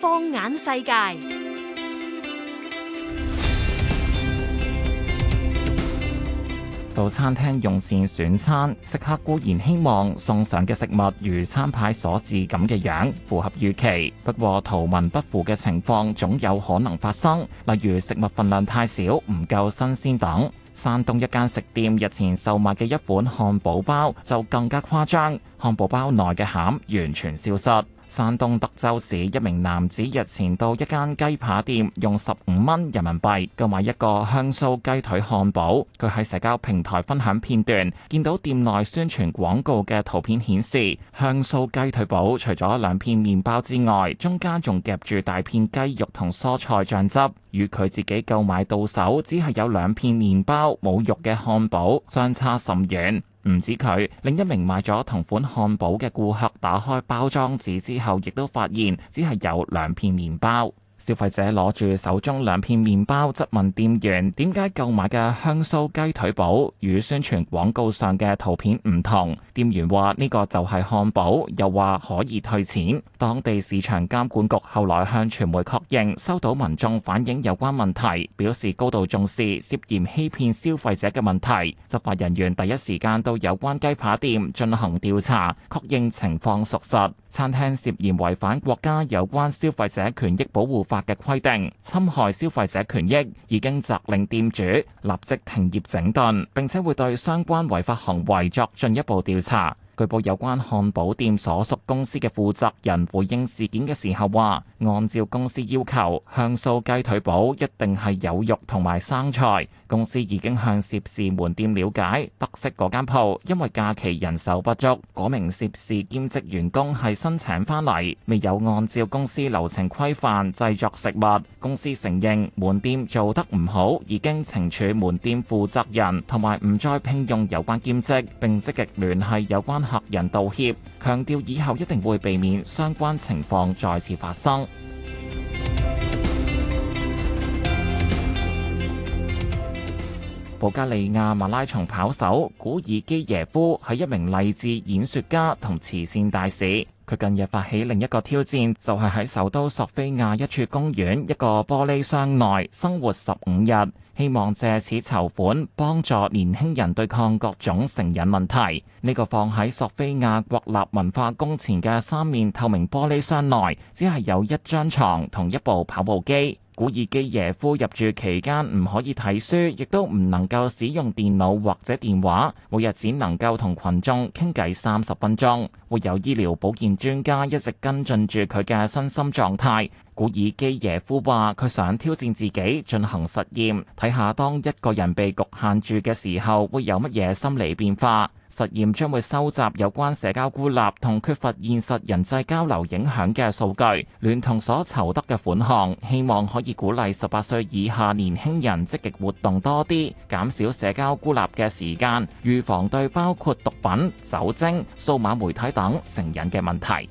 放眼世界。到餐廳用膳選餐，食客固然希望送上嘅食物如餐牌所示咁嘅樣，符合預期。不過，圖文不符嘅情況總有可能發生，例如食物份量太少、唔夠新鮮等。山東一間食店日前售賣嘅一款漢堡包就更加誇張，漢堡包內嘅餡完全消失。山東德州市一名男子日前到一間雞扒店，用十五蚊人民幣購買一個香酥雞腿漢堡。佢喺社交平台分享片段，見到店內宣傳廣告嘅圖片顯示，香酥雞腿堡除咗兩片麵包之外，中間仲夾住大片雞肉同蔬菜醬汁，與佢自己購買到手只係有兩片麵包冇肉嘅漢堡相差甚遠。唔止佢，另一名買咗同款漢堡嘅顧客打開包裝紙之後，亦都發現只係有兩片麵包。消費者攞住手中兩片麵包，質問店員點解購買嘅香酥雞腿堡與宣傳廣告上嘅圖片唔同。店員話呢個就係漢堡，又話可以退錢。當地市場監管局後來向傳媒確認收到民眾反映有關問題，表示高度重視涉嫌欺騙消費者嘅問題。執法人員第一時間到有關雞扒店進行調查，確認情況屬實。餐廳涉嫌違反國家有關消費者權益保護法嘅規定侵害消費者權益，已經責令店主立即停業整頓，並且會對相關違法行為作進一步調查。據報有關漢堡店所屬公司嘅負責人回應事件嘅時候話：按照公司要求，香酥雞腿堡一定係有肉同埋生菜。公司已經向涉事門店了解，得悉嗰間鋪因為假期人手不足，嗰名涉事兼職員工係申請翻嚟，未有按照公司流程規範製作食物。公司承認門店做得唔好，已經懲處門店負責人，同埋唔再聘用有關兼職，並積極聯繫有關客人道歉，強調以後一定會避免相關情況再次發生。保加利亞馬拉松跑手古爾基耶夫係一名勵志演說家同慈善大使，佢近日發起另一個挑戰，就係、是、喺首都索菲亞一處公園一個玻璃箱內生活十五日，希望借此籌款幫助年輕人對抗各種成癮問題。呢、這個放喺索菲亞國立文化宮前嘅三面透明玻璃箱內，只係有一張床同一部跑步機。古爾基耶夫入住期間唔可以睇書，亦都唔能夠使用電腦或者電話，每日只能夠同群眾傾偈三十分鐘。會有醫療保健專家一直跟進住佢嘅身心狀態。古爾基耶夫話：佢想挑戰自己進行實驗，睇下當一個人被局限住嘅時候會有乜嘢心理變化。實驗將會收集有關社交孤立同缺乏現實人際交流影響嘅數據，聯同所籌得嘅款項，希望可以鼓勵十八歲以下年輕人積極活動多啲，減少社交孤立嘅時間，預防對包括毒品、酒精、數碼媒體等成癮嘅問題。